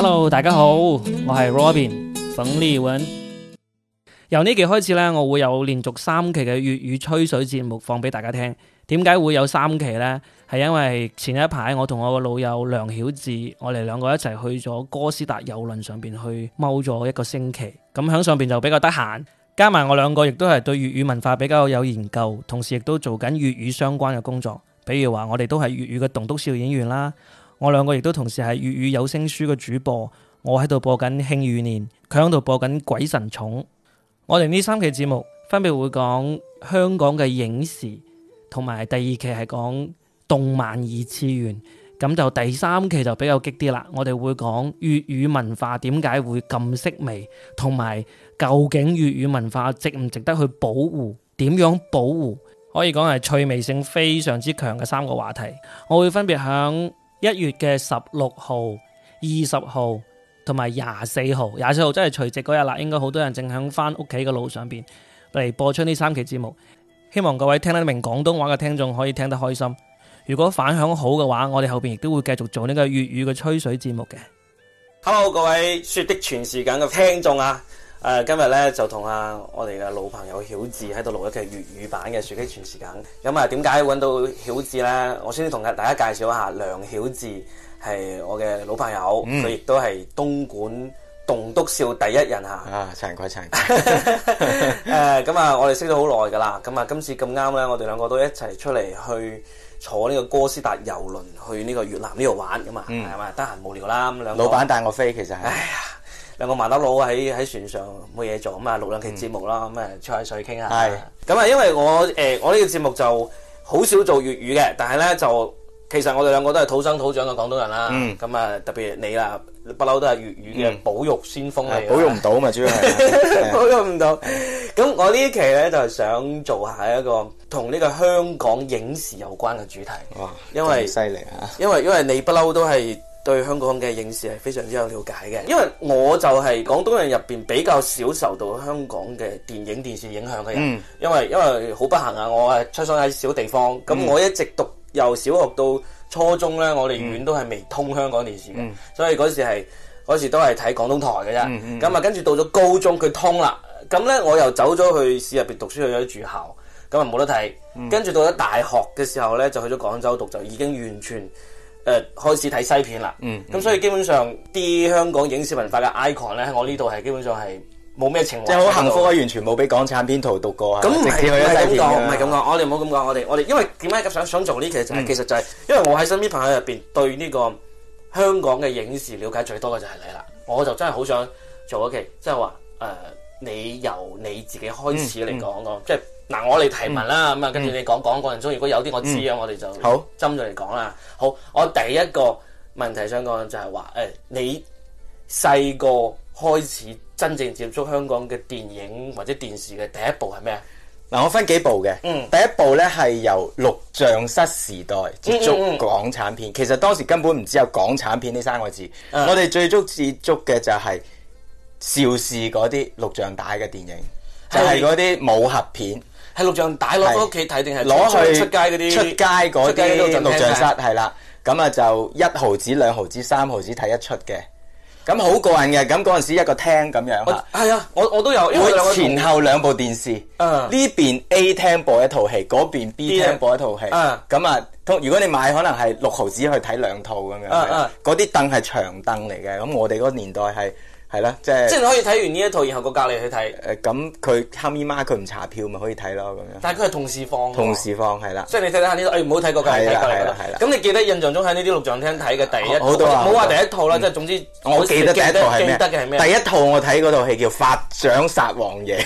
Hello，大家好，我係 Robin，粉麗雲。由呢期開始咧，我會有連續三期嘅粵語吹水節目放俾大家聽。點解會有三期呢？係因為前一排我同我嘅老友梁曉智，我哋兩個一齊去咗哥斯達郵輪上邊去踎咗一個星期。咁響上邊就比較得閒，加埋我兩個亦都係對粵語文化比較有研究，同時亦都做緊粵語相關嘅工作，比如話我哋都係粵語嘅棟篤笑演員啦。我兩個亦都同時係粵語有聲書嘅主播，我播，我喺度播緊《慶餘年》，佢喺度播緊《鬼神寵》。我哋呢三期節目分別會講香港嘅影視，同埋第二期係講動漫二次元。咁就第三期就比較激啲啦，我哋會講粵語文化點解會咁式微，同埋究竟粵語文化值唔值得去保護？點樣保護？可以講係趣味性非常之強嘅三個話題。我會分別響。一月嘅十六號、二十號同埋廿四號，廿四號真係除夕嗰日啦。應該好多人正響翻屋企嘅路上邊嚟播出呢三期節目。希望各位聽得明廣東話嘅聽眾可以聽得開心。如果反響好嘅話，我哋後邊亦都會繼續做呢個粵語嘅吹水節目嘅。Hello，各位雪的全時間嘅聽眾啊！誒今日咧就同啊我哋嘅老朋友曉智喺度錄一期粵語版嘅樹雞全時間。咁啊點解揾到曉智咧？我先同大家介紹一下，梁曉智係我嘅老朋友，佢亦都係東莞棟篤笑第一人嚇。啊，慚愧慚愧！誒咁啊，我哋識咗好耐㗎啦。咁啊，今次咁啱咧，我哋兩個都一齊出嚟去坐呢個哥斯達遊輪去呢個越南呢度玩㗎嘛，係嘛？得閒無聊啦咁兩。老闆帶我飛其實係。兩個麻甩佬喺喺船上冇嘢做，咁啊，錄兩期節目啦，咁誒吹下水傾下。係咁啊，因為我誒我呢個節目就好少做粵語嘅，但係咧就其實我哋兩個都係土生土長嘅廣東人啦。咁啊，特別你啦，不嬲都係粵語嘅保育先鋒嚟。保育唔到咪主要係。保育唔到。咁我呢期咧就係想做下一個同呢個香港影視有關嘅主題。哇！因為犀利啊！因為因為你不嬲都係。對香港嘅影視係非常之有了解嘅，因為我就係廣東人入邊比較少受到香港嘅電影電視影響嘅人、嗯因，因為因為好不幸啊，我係出生喺小地方，咁、嗯、我一直讀由小學到初中呢，我哋縣都係未通香港電視嘅，嗯、所以嗰時係嗰時都係睇廣東台嘅啫。咁啊、嗯，跟、嗯、住到咗高中佢通啦，咁呢，我又走咗去市入邊讀書去咗住校，咁啊冇得睇。跟住到咗大學嘅時候呢，就去咗廣州讀，就已經完全。誒開始睇西片啦，嗯，咁所以基本上啲香港影視文化嘅 icon 咧，我呢度係基本上係冇咩情況，即係好幸福啊，完全冇俾港產片圖讀過啊。咁唔係咁講，唔係咁講，我哋唔好咁講，我哋我哋，因為點解想想做呢？其實其實就係因為我喺身邊朋友入邊對呢個香港嘅影視了解最多嘅就係你啦，我就真係好想做一期，即係話誒，你由你自己開始嚟講囉，即係。嗱，我哋提問啦，咁啊、嗯，跟住你講講過程中，如果有啲我知嘅，嗯、我哋就好針住嚟講啦。好，我第一個問題想講就係話，誒、哎，你細個開始真正接觸香港嘅電影或者電視嘅第一部係咩啊？嗱、嗯，我分幾部嘅。嗯，第一部咧，係由錄像室時代接觸港產片，嗯嗯、其實當時根本唔知有港產片呢三個字，嗯、我哋最足接觸嘅就係邵氏嗰啲錄像帶嘅電影，就係嗰啲武俠片。喺錄像帶攞屋企睇定係攞去出街嗰啲？出街嗰啲錄像室係啦，咁啊就一毫子、兩毫子、三毫子睇一出嘅，咁好過癮嘅。咁嗰陣時一個廳咁樣吓。係啊，我我都有。有前後兩部電視。呢邊 A 廳播一套戲，嗰邊 B 廳播一套戲。嗯。咁啊，如果你買可能係六毫子去睇兩套咁樣。嗰啲凳係長凳嚟嘅，咁我哋嗰個年代係。係啦，即係即係可以睇完呢一套，然後個隔籬去睇。誒，咁佢喊姨媽，佢唔查票咪可以睇咯，咁樣。但係佢係同時放。同時放係啦。即係你睇下呢？誒，唔好睇過隔籬睇隔籬啦。咁你記得印象中喺呢啲錄像廳睇嘅第一，冇話冇第一套啦。即係總之，我記得第一套係咩？第一套我睇嗰套戲叫《法掌殺王爺》。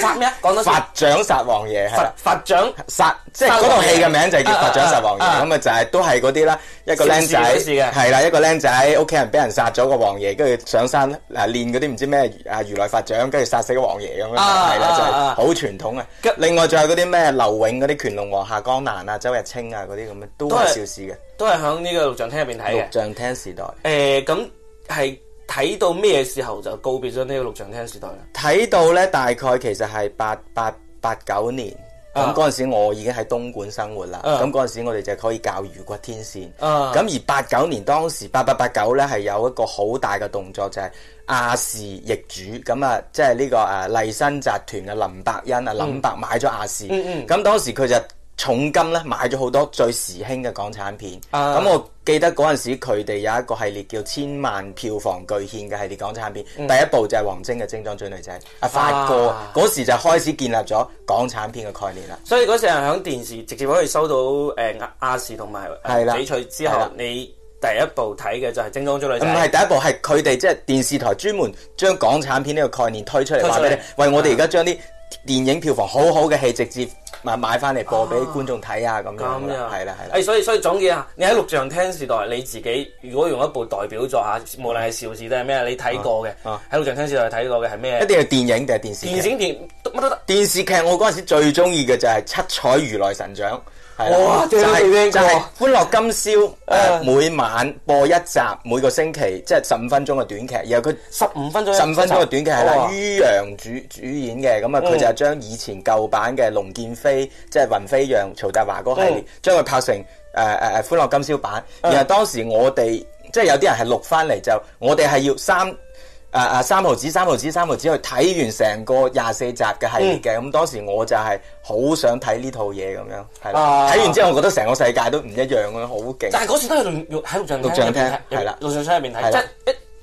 殺咩？講到法掌殺王爺，法掌殺即係嗰套戲嘅名就係叫法掌殺王爺。咁啊就係都係嗰啲啦，一個僆仔係啦，一個僆仔屋企人俾人殺咗個王爺，跟住上山。嗱，練嗰啲唔知咩啊，如來法掌，跟住殺死個王爺咁、啊、樣，係啦，就係、是、好傳統嘅。啊啊啊、另外仲有嗰啲咩劉永嗰啲乾隆王下江南啊，周日清啊嗰啲咁樣，都係邵氏嘅，都係響呢個錄像廳入邊睇嘅。錄像廳時代，誒、呃，咁係睇到咩時候就告別咗呢個錄像廳時代咧？睇到咧，大概其實係八八八九年。咁嗰陣時我已經喺東莞生活啦，咁嗰陣時我哋就可以教魚骨天線。咁、嗯、而八九年當時八八八九呢係有一個好大嘅動作，就係、是、亞視易主，咁、嗯就是這個、啊即係呢個誒麗新集團嘅林百欣啊，林百買咗亞視，咁、嗯嗯嗯、當時佢就。重金咧買咗好多最時興嘅港產片，咁我記得嗰陣時佢哋有一個系列叫千萬票房巨獻嘅系列港產片，第一部就係王晶嘅《精裝追女仔》，阿發哥嗰時就開始建立咗港產片嘅概念啦。所以嗰時係響電視直接可以收到誒亞視同埋翡翠之後，你第一部睇嘅就係《精裝追女仔》。唔係第一部，係佢哋即係電視台專門將港產片呢個概念推出嚟，話俾你，餵我哋而家將啲電影票房好好嘅戲，直接咪買翻嚟播俾觀眾睇啊！咁樣係啦係啦，所以所以總結下，你喺錄像廳時代，你自己如果用一部代表作啊，無論係邵氏定係咩，你睇過嘅，喺錄像廳時代睇過嘅係咩？一定係電影定係電視劇？電影電乜都得，電視劇我嗰陣時最中意嘅就係《七彩如來神掌》。哇！哦、就係、係、就係《歡樂今宵》誒、呃，每晚播一集，每個星期即係十五分鐘嘅短劇，然後佢十五分鐘十五分鐘嘅短劇係啦，於三的洋主主演嘅，咁啊佢就將以前舊版嘅龍劍飛即係雲飛揚、曹達華嗰系列，將佢拍成誒誒誒《歡樂今宵》版，嗯、然後當時我哋即係有啲人係錄翻嚟就，我哋係要三。啊啊三毫子三毫子三毫子去睇完成個廿四集嘅系列嘅，咁當時我就係好想睇呢套嘢咁樣，係啦，睇完之後我覺得成個世界都唔一樣咯，好勁！但係嗰時都係錄喺錄像廳，係啦，錄像廳入面睇。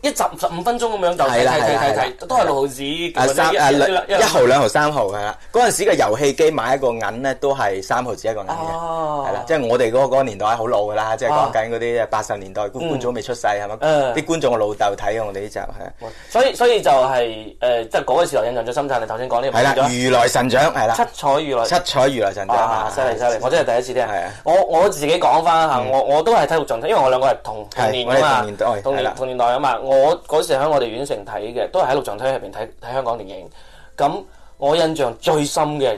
一集十五分鐘咁樣就係啦，係係都係六毫紙，三一毫兩毫三毫係啦。嗰陣時嘅遊戲機買一個銀咧都係三毫紙一個銀嘅，係啦。即係我哋嗰個年代好老㗎啦，即係講緊嗰啲八十年代觀觀眾未出世係咪？啲觀眾老豆睇我哋呢集係。所以所以就係誒，即係嗰個時代印象最深刻。你頭先講呢個係啦，如來神掌係啦，七彩如來，七彩如來神掌，犀利犀利！我真係第一次聽。係啊！我我自己講翻啊，我我都係體育場睇，因為我兩個係同同年代同年代同年代啊嘛。我嗰時喺我哋縣城睇嘅，都係喺錄像廳入邊睇睇香港電影。咁我印象最深嘅，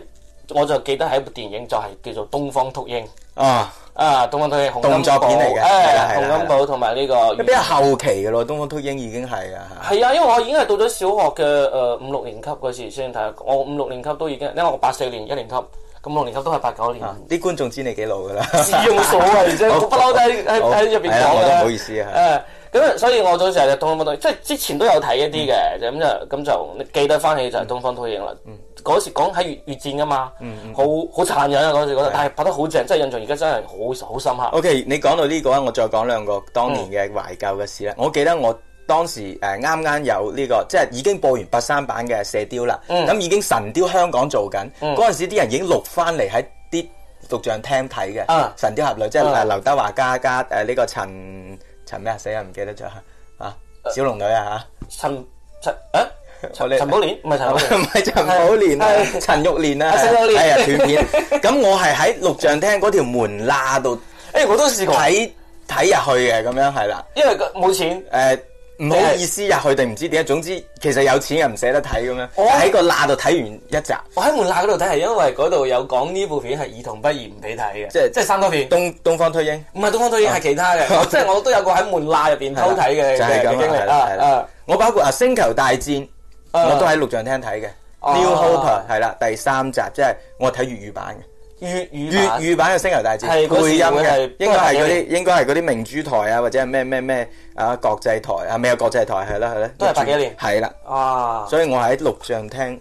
我就記得係一部電影就係叫做《東方禿鷹》。啊啊，東方禿鷹動作片嚟嘅，誒，洪金寶同埋呢個。呢邊係後期嘅咯，《東方禿鷹》已經係啊。係啊，因為我已經係到咗小學嘅誒五六年級嗰時先睇，我五六年級都已經，因為我八四年一年級，咁六年級都係八九年。啲觀眾知你幾老噶啦。試用數啊，而且我不嬲都喺喺喺入邊講嘅。唔好意思啊。所以所以我嗰時係《東方不敗》，即係之前都有睇一啲嘅，嗯、就咁就咁就記得翻起就係《東方不敗》影啦、嗯。嗰時講喺越越戰㗎嘛，嗯、好好殘忍啊！嗰時覺得，嗯、但係拍得好正，即係印象，而家真係好好深刻。OK，你講到呢、呢個，我再講兩個當年嘅懷舊嘅事啦。嗯、我記得我當時誒啱啱有呢、呢個，即係已經播完八三版嘅《射雕》啦、嗯，咁已經《神雕香港做》做緊、嗯，嗰陣時啲人已經錄翻嚟喺啲錄像廳睇嘅《神雕俠侶》，即係劉德華加加誒呢個陳。陳咩啊？死啊！唔記得咗啊！啊，小龍女啊！吓，陳陳啊？陳陳寶蓮，唔係陳寶蓮，唔係陳寶蓮，係陳玉蓮啊！係啊，呀，斷片。咁我係喺錄像廳嗰條門罅度，哎，我都試過睇睇入去嘅，咁樣係啦。因為冇錢誒。唔好意思呀，佢哋唔知點解，總之其實有錢又唔捨得睇咁樣，喺個罅度睇完一集。我喺門罅嗰度睇，係因為嗰度有講呢部片係兒童不宜唔俾睇嘅，即係即係三級片。東東方禿鷹唔係東方禿鷹，係其他嘅，即係我都有個喺門罅入邊偷睇嘅就經歷啦。啊，我包括啊星球大戰，我都喺錄像廳睇嘅。New Hope 係啦，第三集，即係我睇粵語版嘅。粵粵語版嘅《星球大戰》配音嘅，應該係嗰啲，應該係啲明珠台啊，或者係咩咩咩啊國際台啊，咩有國際台係啦，係啦，都係八幾年，係啦，哇！所以我喺錄像廳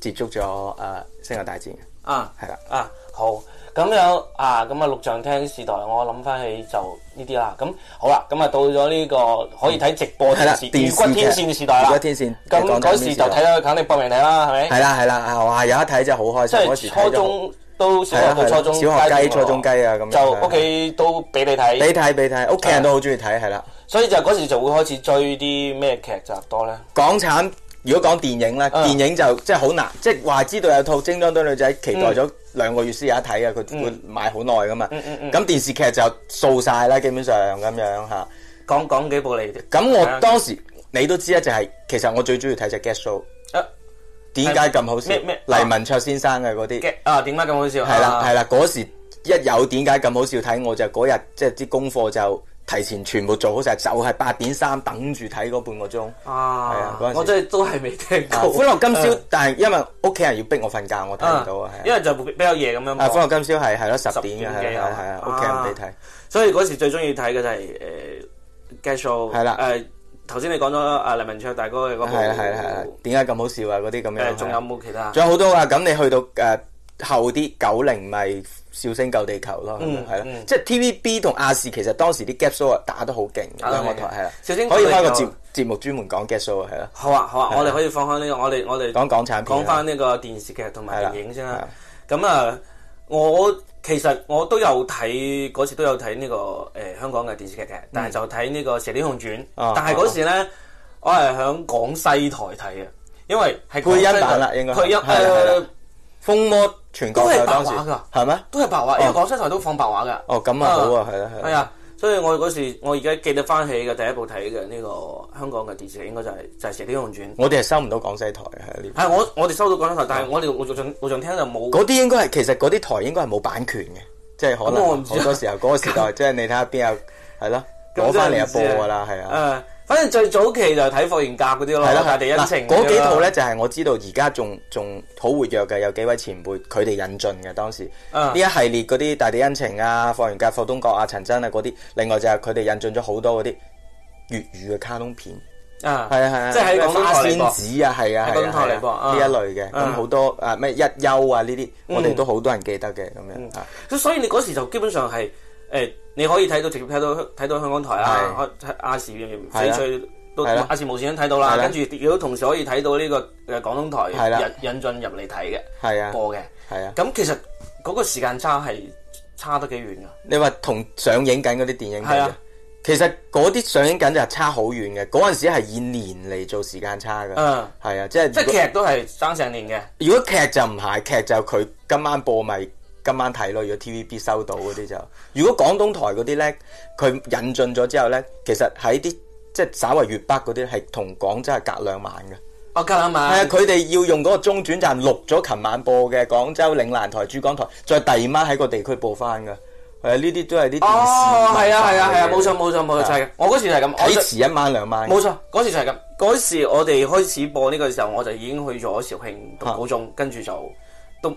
接觸咗誒《星球大戰》啊，係啦，啊好咁有啊咁啊錄像廳時代，我諗翻起就呢啲啦。咁好啦，咁啊到咗呢個可以睇直播電視、魚骨天線嘅時代啦。魚骨天線咁嗰時就睇到肯定搏命睇啦，係咪？係啦係啦，哇！有一睇就好開心，即係初中。都小學到初中，小學雞、初中雞啊咁。就屋企都俾你睇，俾睇俾睇，屋企人都好中意睇，係啦。所以就嗰時就會開始追啲咩劇集多咧？港產，如果講電影咧，電影就即係好難，即係話知道有套《精裝追女仔》，期待咗兩個月先有一睇啊！佢會賣好耐噶嘛。咁電視劇就掃晒啦，基本上咁樣嚇。講講幾部嚟？咁我當時你都知啊，就係其實我最中意睇就 Guess Show 點解咁好笑？咩咩黎文卓先生嘅嗰啲啊？點解咁好笑？係啦係啦，嗰時一有點解咁好笑睇，我就嗰日即係啲功課就提前全部做好晒，就係八點三等住睇嗰半個鐘。啊，我真係都係未聽過《歡樂今宵》，但係因為屋企人要逼我瞓覺，我睇唔到啊。因為就比較夜咁樣嘛。啊，《歡樂今宵》係係咯，十點嘅係啊，屋企唔俾睇，所以嗰時最中意睇嘅就係誒，繼續係啦誒。頭先你講咗阿黎文卓大哥你嗰部，係啊，係啊，係啊，點解咁好笑啊？嗰啲咁樣，仲有冇其他？仲有好多啊！咁你去到誒後啲九零，咪《笑聲救地球》咯，嗯，係啦，即係 T V B 同亞視其實當時啲 gap show 啊打得好勁，兩個台係啦，《笑聲》可以開個節節目專門講 gap show 啊，係啦，好啊好啊，我哋可以放開呢個，我哋我哋講港產片，講翻呢個電視劇同埋電影先啦。咁啊，我。其實我都有睇，嗰時都有睇呢個誒香港嘅電視劇嘅，但係就睇呢個《射雕英雄傳》，但係嗰時咧我係響廣西台睇嘅，因為係配音版啦，應該配音誒風魔全國都係白話噶。係咩？都係白話，因為廣西台都放白話嘅。哦，咁啊好啊，係啦係。所以我嗰時，我而家記得翻起嘅第一部睇嘅呢個香港嘅電視劇，應該就係、係、就係《射鵰英雄傳》我。我哋係收唔到廣西台嘅係呢？係我我哋收到廣西台，但係我哋我我仲我仲聽就冇。嗰啲應該係其實嗰啲台應該係冇版權嘅，即係可能好多時候嗰、嗰個時代， 即係你睇下邊有係咯攞翻嚟播㗎啦，係啊。嗯。反正最早期就係睇霍元甲嗰啲咯，係咯，大地恩情嗰幾套咧，就係我知道而家仲仲好活躍嘅有幾位前輩，佢哋引進嘅當時呢一系列嗰啲大地恩情啊、霍元甲、霍東閣啊、陳真啊嗰啲，另外就係佢哋引進咗好多嗰啲粵語嘅卡通片，啊，係啊係啊，即係喺花仙子啊，係啊係啊，呢一類嘅咁好多啊咩一休啊呢啲，我哋都好多人記得嘅咁樣，咁所以你嗰時就基本上係。誒，你可以睇到直接睇到睇到香港台啦，阿阿視翡翠都阿視無綫都睇到啦，跟住如果同時可以睇到呢個誒廣東台引引進入嚟睇嘅，係啊，播嘅，係啊，咁其實嗰個時間差係差得幾遠噶。你話同上映緊嗰啲電影，係啊，其實嗰啲上映緊就係差好遠嘅，嗰陣時係以年嚟做時間差嘅。嗯，係啊，即係即係劇都係生成年嘅。如果劇就唔係，劇就佢今晚播咪。 今晚睇咯，如果 TVB 收到嗰啲就，如果廣東台嗰啲呢，佢引進咗之後呢，其實喺啲即係稍為粵北嗰啲，係同廣州係隔兩晚嘅。哦、oh，隔兩晚。係啊，佢哋要用嗰個中轉站錄咗琴晚播嘅廣州嶺南台、珠江台，再第二晚喺個地區播翻㗎。呢啲都係啲電視哦，係、oh, 啊，係啊，係啊，冇錯，冇錯，冇錯，我嗰時係咁，可以遲一晚兩晚。冇錯，嗰時就係咁。嗰時我哋開始播呢個時候，我就已經去咗肇慶讀高中，跟住就都。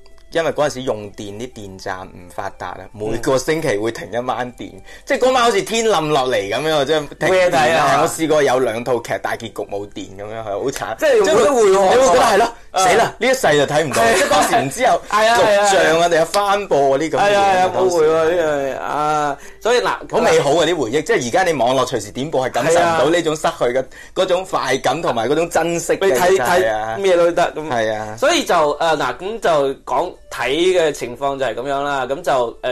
因為嗰陣時用電啲電站唔發達啊，每個星期會停一晚電，即係嗰晚好似天冧落嚟咁樣，即停。睇啊！我試過有兩套劇大結局冇電咁樣，係好慘，即係，即係回我，你會覺得係咯，死啦！呢一世就睇唔到，即係當時唔知有錄像啊，定有翻播啊呢咁嘅嘢，係啊，有冇啊？所以嗱，好美好啊啲回憶，即係而家你網絡隨時點播係感受唔到呢種失去嘅嗰種快感同埋嗰種珍惜嘅，睇睇，咩都得，係啊，所以就誒嗱咁就講。睇嘅情況就係咁樣啦，咁就誒、呃、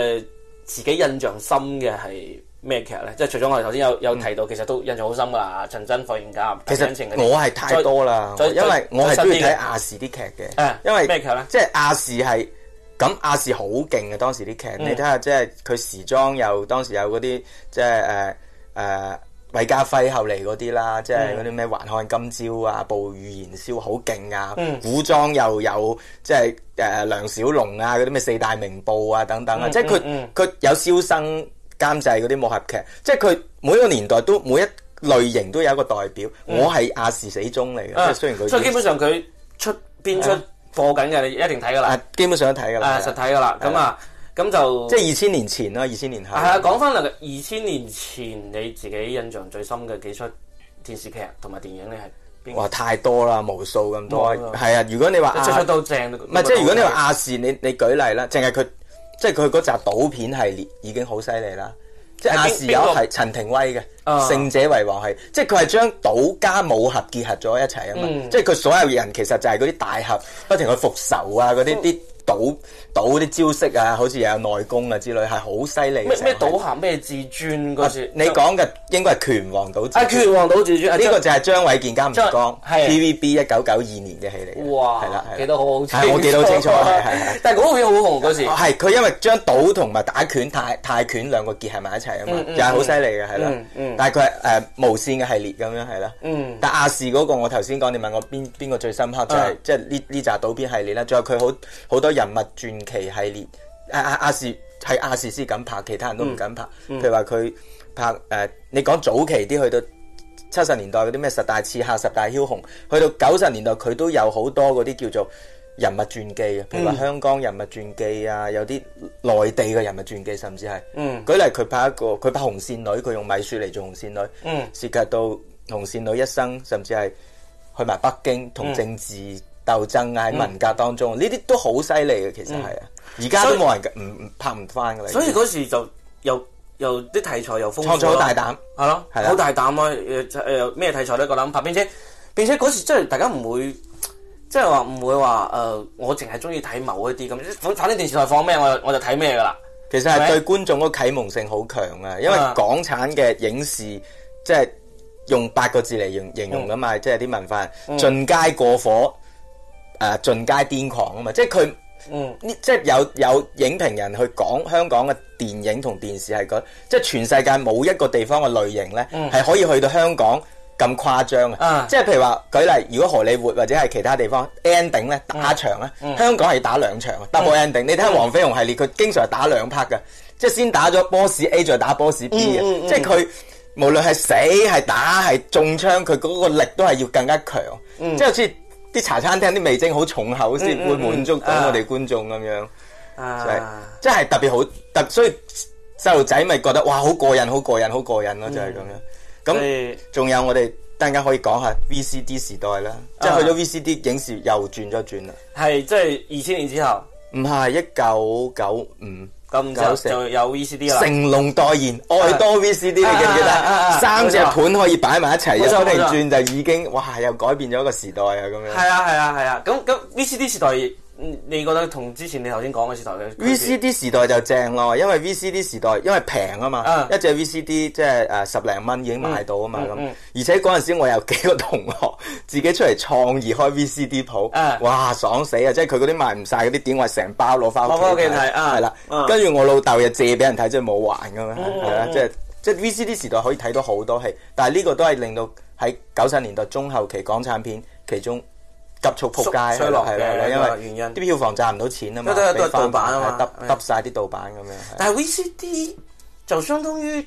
自己印象深嘅係咩劇咧？即係除咗我哋頭先有、嗯、有提到，其實都印象好深噶啦。陳真、霍元甲，其實我係太多啦最，因為我係中意睇亞視啲劇嘅。因為咩劇咧？即係亞視係咁亞視好勁嘅當時啲劇，你睇下即係佢時裝又當時有嗰啲即係誒誒。呃呃呃韋家輝後嚟嗰啲啦，即係嗰啲咩還看今朝啊，暴雨燃燒好勁啊，嗯、古裝又有即係誒、呃、梁小龍啊，嗰啲咩四大名捕啊等等啊，嗯、嗯嗯即係佢佢有蕭生監製嗰啲武俠劇，即係佢每一個年代都每一類型都有一個代表。我係亞視死忠嚟嘅，即係雖然佢，所以基本上佢出邊出貨緊嘅，你、嗯、一定睇嘅啦。基本上都睇嘅啦，實、嗯嗯嗯、體嘅啦，咁啊。咁就即係二千年前啦，二千年後係啊。講翻嚟，二千年前你自己印象最深嘅幾出電視劇同埋電影咧係邊？哇，太多啦，無數咁多。係、嗯、啊，如果你話，出出都正。唔係不，即係如果你話亞視，你你舉例啦，淨係佢即係佢嗰集賭片系列已經好犀利啦。即係亞視有係陳庭威嘅《勝、啊、者為王系》，係即係佢係將賭加武俠結合咗一齊啊嘛。嗯、即係佢所有人其實就係嗰啲大俠不停去復仇啊，嗰啲啲賭。嗯賭啲招式啊，好似又有內功啊之類，係好犀利。咩咩賭俠咩至尊嗰時？你講嘅應該係拳王賭。啊拳王賭至尊啊！呢個就係張衛健加吳江。係。TVB 一九九二年嘅戲嚟。哇！係啦，係。記得好清楚。係我記得好清楚，係但係嗰部片好紅嗰時。係佢因為將賭同埋打拳泰泰拳兩個結合埋一齊啊嘛，又係好犀利嘅係啦。但係佢係誒無線嘅系列咁樣係啦。但亞視嗰個我頭先講，你問我邊邊個最深刻就係即係呢呢集賭邊系列啦。仲有佢好好多人物轉。期系列，阿阿亞視係亞視斯敢拍，其他人都唔敢拍。譬如話佢拍誒，你講早期啲去到七十年代嗰啲咩十大刺客、十大梟雄，去到九十年代佢都有好多嗰啲叫做人物傳記，啊，譬如話香港人物傳記啊，嗯、有啲內地嘅人物傳記，甚至係，舉、嗯、例佢拍一個，佢拍紅線女，佢用米雪嚟做紅線女，嗯、涉及到紅線女一生，甚至係去埋北京同政治、嗯。鬥爭啊！喺文革當中，呢啲、嗯、都好犀利嘅。其實係啊，而家、嗯、都冇人唔拍唔翻噶啦。所以嗰、嗯、時就又又啲題材又豐富，創大膽係咯，係好的的大膽啊！誒咩題材都夠膽拍。並且並且嗰時真係大家唔會即係話唔會話誒、呃，我淨係中意睇某一啲咁反反正電視台放咩，我就我就睇咩噶啦。其實係對觀眾個啟蒙性好強啊，因為港產嘅影視即係用八個字嚟形容噶嘛，即係啲文化進階過火。誒盡皆癲狂啊嘛！即係佢，嗯，即係有有影評人去講香港嘅電影同電視係講，即係全世界冇一個地方嘅類型呢係可以去到香港咁誇張嘅。即係譬如話舉例，如果荷里活或者係其他地方 ending 咧打場咧，香港係打兩場，double ending。你睇下黃飛鴻系列，佢經常打兩拍嘅，即係先打咗 boss A 再打 boss B。即係佢無論係死係打係中槍，佢嗰個力都係要更加強，即係好似。啲茶餐廳啲味精好重口先，會滿足到我哋觀眾咁樣，係、嗯，即、嗯、係、嗯啊、特別好，特、啊、所以細路仔咪覺得哇，好過癮，好過癮，好過癮咯，就係咁樣。咁仲有我哋啱啱可以講下 VCD 時代啦，即係去咗 VCD 影視又轉咗轉啦，係即係二千年之後，唔係一九九五。咁就就有 VCD 啦，成龍代言愛多 VCD、啊、你記唔記得啊啊啊啊啊？三隻盤可以擺埋一齊，啊啊啊，一轉就已經，哇！又改變咗一個時代啊，咁樣。係啊係啊係啊，咁咁 VCD 時代。你覺得同之前你頭先講嘅時代？VCD 時代就正咯，因為 VCD 時代因為平啊嘛，一隻 VCD 即係誒十零蚊已經買到啊嘛咁。而且嗰陣時我有幾個同學自己出嚟創意開 VCD 鋪，哇爽死啊！即係佢嗰啲賣唔晒嗰啲碟，我成包攞翻屋企睇啊！係啦，跟住我老豆又借俾人睇，即係冇還咁樣，係啦，即係即係 VCD 時代可以睇到好多戲，但係呢個都係令到喺九十年代中後期港產片其中。急速撲街衰落係啦，因為啲票房賺唔到錢啊嘛，都係盜版啊嘛，揼揼曬啲盜版咁樣。但係 VCD 就相當於，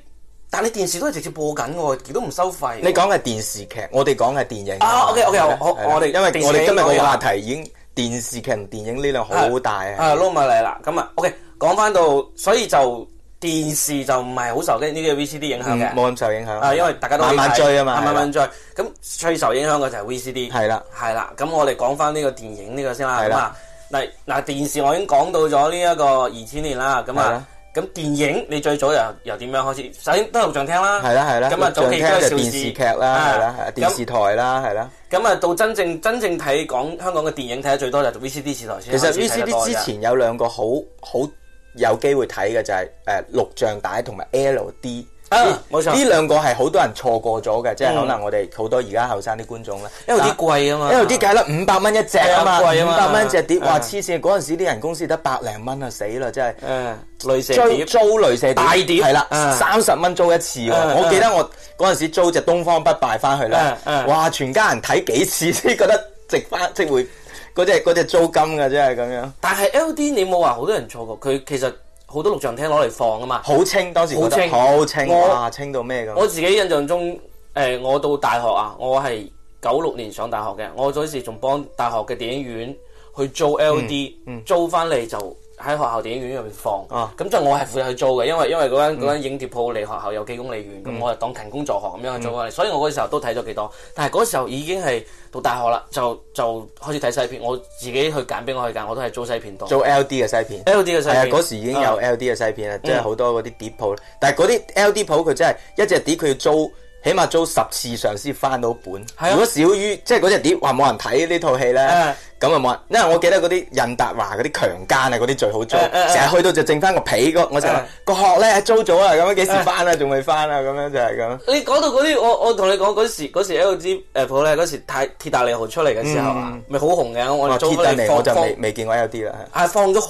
但你電視都係直接播緊嘅，亦都唔收費。你講嘅電視劇，我哋講嘅電影。啊，OK OK，我我哋因為我哋今日個話題已經電視劇同電影呢兩好大啊。啊，攞埋嚟啦，咁啊，OK，講翻到，所以就。電視就唔係好受啲呢啲 VCD 影響嘅，冇咁受影響。啊，因為大家都慢慢追啊嘛，慢慢追。咁最受影響嘅就係 VCD。係啦，係啦。咁我哋講翻呢個電影呢個先啦。咁啊，嗱嗱電視我已經講到咗呢一個二千年啦。咁啊，咁電影你最早由由點樣開始？首先都係錄像廳啦。係啦係啦。咁啊，早期就電視劇啦，係啦，電視台啦，係啦。咁啊，到真正真正睇講香港嘅電影睇得最多就係 VCD 時代先。其實 VCD 之前有兩個好好。有機會睇嘅就係誒錄像帶同埋 L D 啊，冇錯呢兩個係好多人錯過咗嘅，即係可能我哋好多而家後生啲觀眾啦，因為啲貴啊嘛，因為啲價得五百蚊一隻啊嘛，五百蚊一隻碟，哇黐線！嗰陣時啲人公司得百零蚊啊，死啦真係！嗯，鐳射租鐳射碟大碟係啦，三十蚊租一次喎，我記得我嗰陣時租隻《東方不敗》翻去啦，哇！全家人睇幾次先覺得值翻，即會。嗰隻嗰隻租金嘅即係咁樣，但係 LD 你冇話好多人錯過，佢其實好多錄像廳攞嚟放啊嘛，好清當時好清好清我、啊、清到咩咁？我自己印象中，誒、呃，我到大學啊，我係九六年上大學嘅，我嗰時仲幫大學嘅電影院去租 LD，、嗯嗯、租翻嚟就。喺學校電影院入面放，咁就、啊、我係負責去租嘅，因為因為嗰間、嗯、影碟鋪離學校有幾公里遠，咁、嗯、我就當勤工助學咁樣去租啊。嗯、所以我嗰時候都睇咗幾多，但係嗰時候已經係讀大學啦，就就開始睇西片，我自己去揀，俾我去揀，我都係租西片多。做 L D 嘅西片，L D 嘅西片，嗰、啊、時已經有 L D 嘅西片啦，即係好多嗰啲碟鋪，但係嗰啲 L D 鋪佢真係一隻碟佢要租，起碼租十次上先返到本。啊、如果少於即係嗰隻碟，話冇人睇呢套戲咧。咁啊冇，因為我記得嗰啲任達華嗰啲強奸啊，嗰啲最好做、哎。成日去到就剩翻個被、哎、我成個殼咧租咗啦，咁樣幾時翻啊、哎？仲未翻啊？咁樣就係咁。你講到嗰啲，我我同你講嗰時嗰時 L D 誒鋪咧，嗰時泰鐵達尼號出嚟嘅時候啊，咪好紅嘅，我哋租咧放放未見過 L.D. 啦，係放咗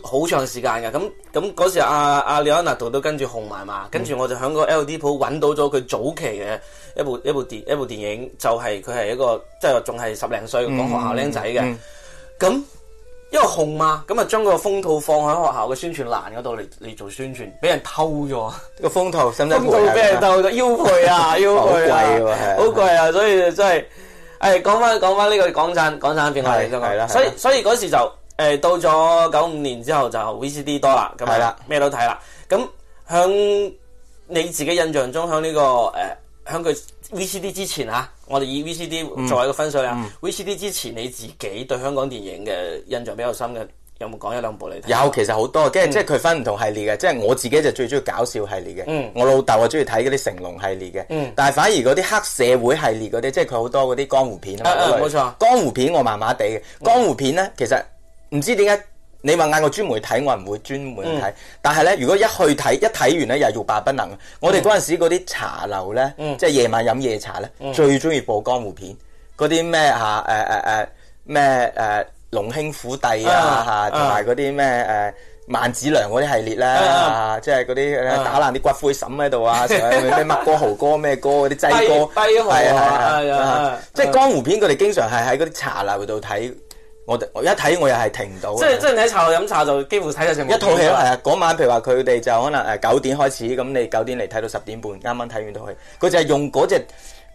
好好長時間嘅。咁咁嗰時阿阿李安納度都跟住紅埋嘛，跟住我就喺個 L D 鋪揾到咗佢早期嘅一部一部電一部電影，就係佢係一個即係仲係十零歲講學校僆仔嘅。咁因為紅嘛，咁啊將個風套放喺學校嘅宣傳欄嗰度嚟嚟做宣傳，俾人偷咗個 風套，風套俾人偷，個要賠啊要賠啊， 啊好貴啊，所以真係，誒講翻講翻呢個港產港產片我哋都係啦，所以所以嗰時就誒、呃、到咗九五年之後就 VCD 多啦，咁係啦，咩都睇啦，咁響你自己印象中響呢、這個誒響、呃、佢 VCD 之前啊。我哋以 VCD 作為一個分水嶺。嗯嗯、VCD 之前你自己對香港電影嘅印象比較深嘅，有冇講一兩部嚟？有，其實好多，嗯、即係即係佢分唔同系列嘅。即係我自己就最中意搞笑系列嘅。嗯，我老豆啊中意睇嗰啲成龍系列嘅。嗯，但係反而嗰啲黑社會系列嗰啲，即係佢好多嗰啲江湖片冇、那個啊啊、錯，江湖片，江湖片我麻麻地嘅。江湖片咧，其實唔知點解。你話嗌我專門去睇，我唔會專門睇。但係咧，如果一去睇，一睇完咧，又欲罷不能。我哋嗰陣時嗰啲茶樓咧，嗯、即係夜晚飲夜茶咧，嗯、最中意播江湖片。嗰啲咩吓，誒誒誒咩誒龍兄虎弟啊嚇，同埋嗰啲咩誒萬梓良嗰啲系列啦嚇，即係嗰啲打爛啲骨灰嬸喺度啊，咩乜哥豪哥咩哥嗰啲擠哥，係係係啊！即係江湖片，佢哋經常係喺嗰啲茶樓度睇。我我一睇我又係停到，即係即係喺茶樓飲茶就幾乎睇到全部一套戲係啊！嗰晚譬如話佢哋就可能誒九點開始，咁你九點嚟，睇到十點半，啱啱睇完套戲，佢就係用嗰隻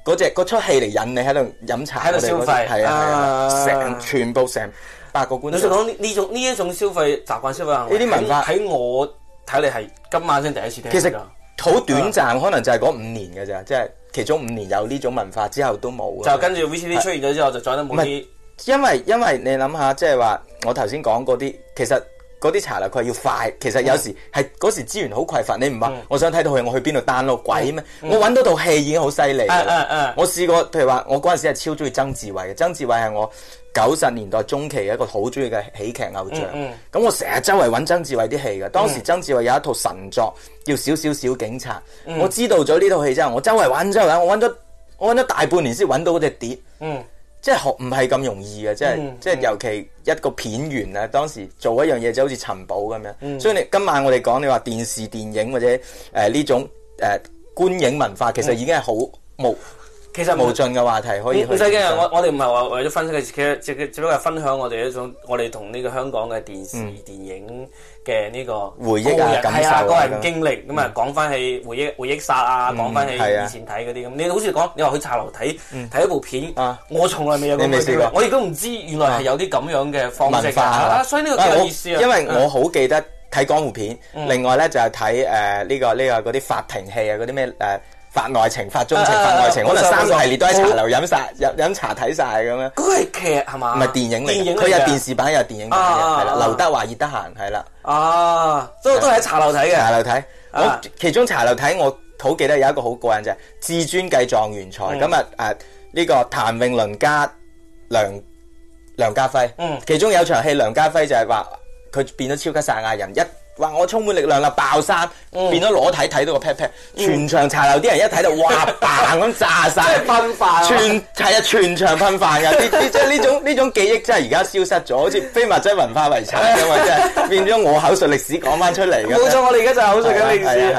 嗰隻出戲嚟引你喺度飲茶喺度消費，係啊，係啊，成全部成八個觀眾。你講呢呢種呢一種，種消費習慣消費，呢啲文化喺我睇嚟係今晚先第一次聽。其實好短暫，了可能就係嗰五年嘅咋，即係其中五年有呢種文化之後都冇。就跟住 VCD 出現咗之後就再都冇啲。因為因為你諗下，即係話我頭先講嗰啲，其實嗰啲茶樓佢係要快，其實有時係嗰、嗯、時資源好匱乏，你唔話，我想睇到佢，我去邊度 download？鬼咩、嗯？我揾到套戲已經好犀利。我試過，譬如話我嗰陣時係超中意曾志偉嘅，曾志偉係我九十年代中期一個好中意嘅喜劇偶像。嗯，咁、嗯、我成日周圍揾曾志偉啲戲嘅，嗯、當時曾志偉有一套神作叫《小小小警察》，嗯，我知道咗呢套戲之後，我周圍搵周圍搵，我搵咗我搵咗大半年先揾到嗰隻碟。嗯。嗯即係學唔係咁容易嘅，即係即係尤其一個片源啊，嗯、當時做一樣嘢就好似尋寶咁樣。嗯、所以你今晚我哋講你話電視、電影或者誒呢、呃、種誒、呃、觀影文化，其實已經係好、嗯、冇。其實無盡嘅話題可以，唔使嘅。我我哋唔係話為咗分析嘅，只只不過係分享我哋一種，我哋同呢個香港嘅電視電影嘅呢個回憶啊，係啊，個人經歷咁啊，講翻去回憶，回憶殺啊，講翻去以前睇嗰啲咁。你好似講你話去茶樓睇睇一部片，我從來未有，你未試過，我亦都唔知原來係有啲咁樣嘅方式，所以呢個幾有意思啊，因為我好記得睇江湖片，另外咧就係睇誒呢個呢個嗰啲法庭戲啊，嗰啲咩誒。法外情、法中情、法外情，可能三個系列都喺茶樓飲晒、飲飲茶睇晒咁樣。嗰個係劇係嘛？唔係電影嚟嘅，佢有電視版，有電影版嘅。係啦，劉德華、葉德嫻係啦。哦，都都喺茶樓睇嘅。茶樓睇，其中茶樓睇，我好記得有一個好過癮就係《至尊計狀元才》咁啊！誒，呢個譚詠麟加梁梁家輝。嗯。其中有場戲，梁家輝就係話佢變咗超級撒亞人一。話我充滿力量啦，爆衫，變咗裸體睇到個 pat pat 全場茶樓啲人一睇到哇 bang 咁炸晒，即係噴飯全係啊全場噴飯噶，即係呢種呢種記憶真係而家消失咗，好似非物質文化遺產咁啊，真係變咗我口述歷史講翻出嚟嘅。冇錯，我哋而家就係口述緊歷史。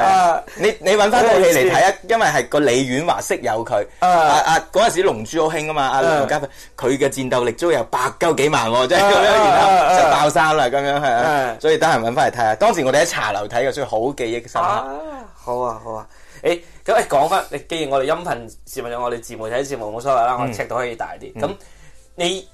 你你揾翻部戲嚟睇啊，因為係個李婉華識有佢啊啊嗰陣時龍珠好興啊嘛，啊梁家輝佢嘅戰鬥力都有百鳩幾萬喎，真係咁樣，就爆衫啦咁樣係啊，所以得閒揾翻嚟睇下。當時我哋喺茶樓睇嘅，所以好記憶深刻。好啊，好啊。誒，咁誒，講翻，你既然我哋音頻節目有，我哋自媒體嘅節目冇所謂啦，我尺度可以大啲。咁你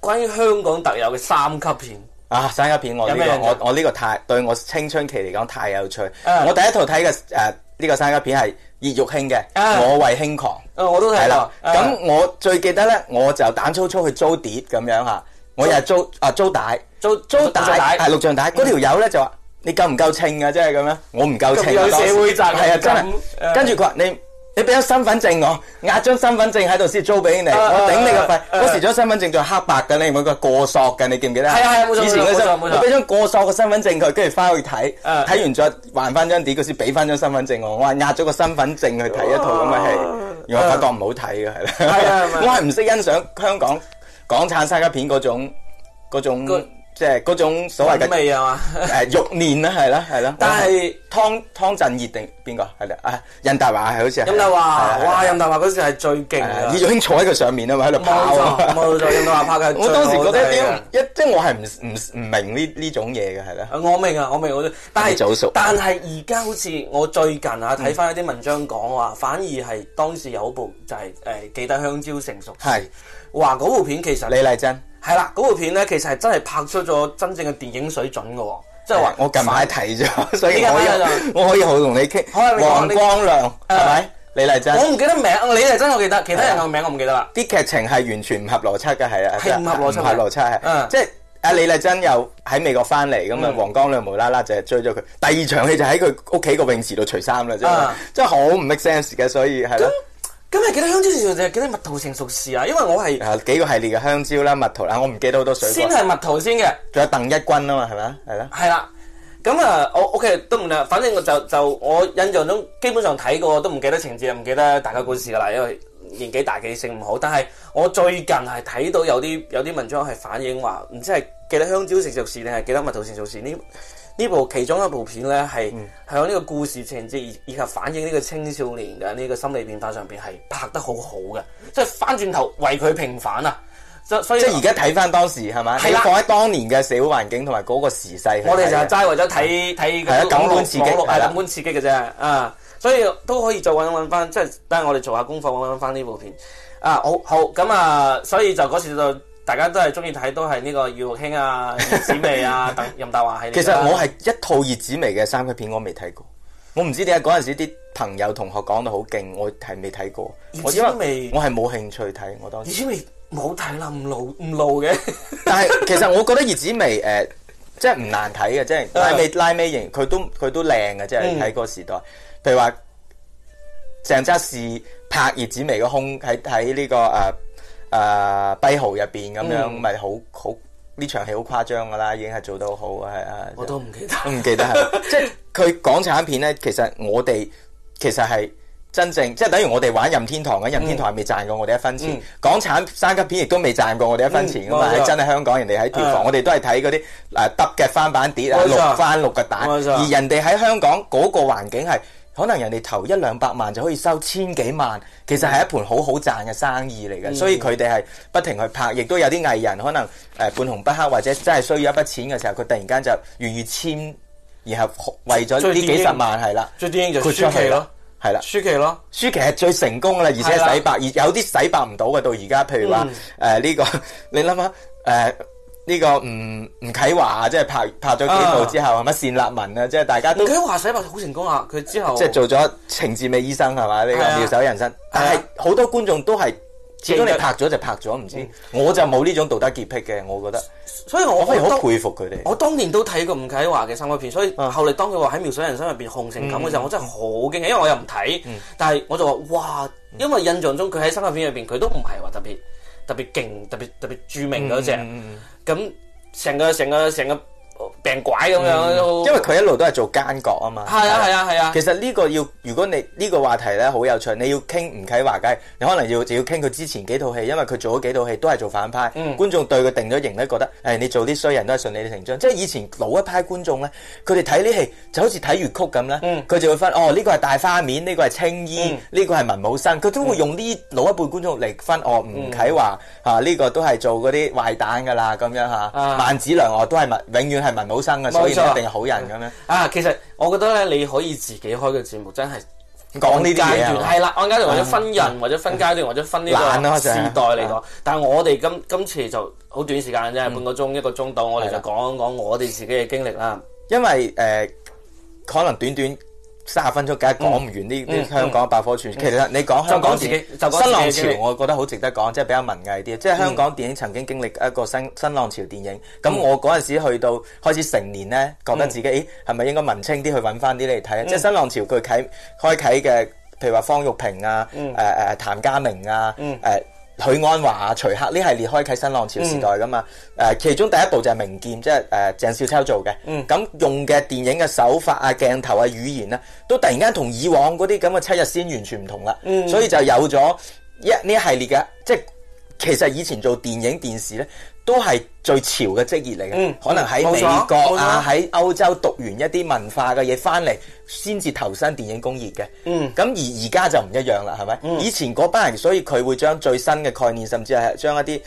關於香港特有嘅三級片啊，三級片我呢個我我呢個太對我青春期嚟講太有趣。我第一套睇嘅誒呢個三級片係葉玉卿嘅《我為輕狂》。誒，我都睇過。咁我最記得呢，我就膽粗粗去租碟咁樣吓。我又係租啊租帶，租租帶，帶錄像帶。嗰條友咧就話：你夠唔夠稱啊？即係咁樣，我唔夠稱。有社會責任，係啊，真係。跟住佢話：你你俾咗身份證我，壓張身份證喺度先租俾你，我頂你個肺。嗰時張身份證就係黑白噶，你唔係個過塑噶，你記唔記得？係啊係啊，冇錯冇錯。以前嗰張我俾張過塑嘅身份證佢，跟住翻去睇，睇完再還翻張碟，佢先俾翻張身份證我。我話壓咗個身份證去睇一套咁嘅戲，我發覺唔好睇嘅係啦。我係唔識欣賞香港。港產三級片嗰種，即係嗰種所謂嘅味啊嘛，誒肉麪啦係啦，係啦，但係湯湯鎮業定邊個係啦？啊任達華係好似，啊任達華，哇任達華，嗰時係最勁嘅，已經坐喺佢上面啊嘛喺度拍。冇錯冇錯，任達華拍嘅，我當時覺得點一，即係我係唔唔唔明呢呢種嘢嘅係啦，我明啊我明我，但係但係而家好似我最近啊睇翻一啲文章講話，反而係當時有部就係誒記得香蕉成熟時。話嗰部片其實李麗珍係啦，嗰部片咧其實係真係拍出咗真正嘅電影水準嘅，即係話我近排睇咗，所以我又我可以好同你傾。黃光亮係咪李麗珍？我唔記得名，李麗珍我記得，其他人嘅名我唔記得啦。啲劇情係完全唔合邏輯嘅，係啊，係唔合邏輯，邏輯係，即係阿李麗珍又喺美國翻嚟，咁啊黃光亮無啦啦就追咗佢。第二場戲就喺佢屋企個泳池度除衫啦，即係真係好唔 make sense 嘅，所以係咯。今日幾多香蕉成熟時？幾多蜜桃成熟時啊？因為我係啊幾個系列嘅香蕉啦、蜜桃啦，我唔記得好多水果。先係蜜桃先嘅，仲有鄧一軍啊嘛，係咪啊？係啦。係啦，咁啊，我 OK 都唔，反正我就就，就我印象中基本上睇過都唔記得情節，唔記得大家故事噶啦，因為年紀大記性唔好。但係我最近係睇到有啲有啲文章係反映話，唔知係記得香蕉成熟時定係記得蜜桃成熟時呢？呢部其中一部片咧，係向呢個故事情節以及反映呢個青少年嘅呢個心理變化上邊係拍得好好嘅，即係翻轉頭為佢平反啊！所以即係而家睇翻當時係咪？係，放喺當年嘅社會環境同埋嗰個時勢。我哋就係齋為咗睇睇。係啊，感官刺激、感官刺激嘅啫啊！所以都可以再揾揾翻，即係等我哋做下功課揾揾翻呢部片啊！好好咁啊，所以就嗰時就。大家都係中意睇，都係呢個葉玉卿啊、葉子媚啊、 任達華喺、啊。其實我係一套葉子媚嘅三級片，我未睇過。我唔知點解嗰陣時啲朋友同學講到好勁，我係未睇過。葉子媚，我係冇興趣睇，我當時。葉子媚冇睇啦唔露，唔露嘅。 但係其實我覺得葉子媚，誒、呃，即係唔難睇嘅，即係拉尾拉尾型，佢都佢都靚嘅，即係喺個時代。嗯、譬如話鄭則仕拍葉子媚嘅胸，喺喺呢個誒。呃誒，跛豪入邊咁樣，咪好好呢場戲好誇張噶啦，已經係做到好係啊！我都唔記得，唔記得係，即係佢港產片咧。其實我哋其實係真正，即係等於我哋玩任天堂嘅，任天堂係未賺過我哋一分錢。港產三級片亦都未賺過我哋一分錢噶嘛，真係香港人哋喺票房，我哋都係睇嗰啲誒得嘅翻版碟啊，六翻六嘅蛋。而人哋喺香港嗰個環境係。可能人哋投一兩百萬就可以收千幾萬，其實係一盤好好賺嘅生意嚟嘅，嗯、所以佢哋係不停去拍，亦都有啲藝人可能誒、呃、半紅不黑或者真係需要一筆錢嘅時候，佢突然間就願意簽，然後為咗呢幾十萬係啦，朱啲錯就輸咯，係啦妙，舒淇咯，舒淇係最成功嘅啦，而且洗白，嗯、而有啲洗白唔到嘅到而家，譬如話誒呢個，你諗下誒。呃呃呃呃呢個吳吳啟華啊，即係拍拍咗幾部之後，係咪善立文啊？即係大家都吳啟華洗白好成功啊！佢之後即係做咗程至美醫生係嘛？呢個妙手仁心，但係好多觀眾都係，如果你拍咗就拍咗，唔知我就冇呢種道德潔癖嘅，我覺得，所以我我好佩服佢哋。我當年都睇過吳啟華嘅三級片，所以後嚟當佢話喺《妙手仁心》入邊紅成咁嘅時候，我真係好驚喜，因為我又唔睇，但係我就話哇，因為印象中佢喺三級片入邊佢都唔係話特別特別勁，特別特別著名嗰隻。咁成個，成個，成個。病鬼咁樣，因為佢一路都係做奸角啊嘛。係啊係啊係啊。啊啊其實呢個要，如果你呢、呢個話題呢好有趣，你要傾吳啟華梗係，你可能要就要傾佢之前幾套戲，因為佢做咗幾套戲都係做反派，嗯、觀眾對佢定咗型呢，覺得誒、哎、你做啲衰人都係順理成章。即係以前老一批觀眾呢，佢哋睇呢戲就好似睇粵曲咁呢，佢、嗯、就會分哦呢、呢個係大花面，呢、呢個係青衣，呢、嗯、個係文武生，佢都會用呢老一輩觀眾嚟分哦吳啟華吓呢、嗯啊呢個都係做嗰啲壞蛋噶啦咁樣吓，萬、啊啊、梓良哦都係永遠。係文武生嘅，錯所以一定係好人咁咧。啊，其實我覺得咧，你可以自己開個節目真、啊，真係講呢階段。係啦，按階段或者分人，嗯、或者分階段，或者分呢個了時代嚟講。啊、但係我哋今今次就好短時間啫，嗯、半個鐘一個鐘度，嗯、我哋就講一講我哋自己嘅經歷啦。因為誒、呃，可能短短。三十分鐘梗係講唔完呢啲香港百科貨串。嗯嗯、其實你講香港講自己，自己新浪潮，我覺得好值得講，即、就、係、是、比較文藝啲。即、就、係、是、香港電影曾經經歷一個新新浪潮電影，咁、嗯、我嗰陣時去到開始成年呢，覺得自己誒係咪應該文青啲去揾翻啲嚟睇？嗯、即係新浪潮佢啟開啓嘅，譬如話方育平啊，誒誒、嗯呃呃、譚家明啊，誒、嗯。嗯許鞍華啊、徐克呢系列開啟新浪潮時代噶嘛？誒、嗯呃，其中第一部就係《名劍》即呃，即係誒鄭少秋做嘅。咁、嗯、用嘅電影嘅手法啊、鏡頭啊、語言啊，都突然間同以往嗰啲咁嘅七日鮮完全唔同啦。嗯、所以就有咗一呢一系列嘅，即係其實以前做電影電視呢。都係最潮嘅職業嚟嘅，嗯、可能喺美國、冇錯、啊，喺冇錯、歐洲讀完一啲文化嘅嘢翻嚟，先至投身電影工業嘅。咁、嗯、而而家就唔一樣啦，係咪，嗯？以前嗰班人，所以佢會將最新嘅概念，甚至係將一啲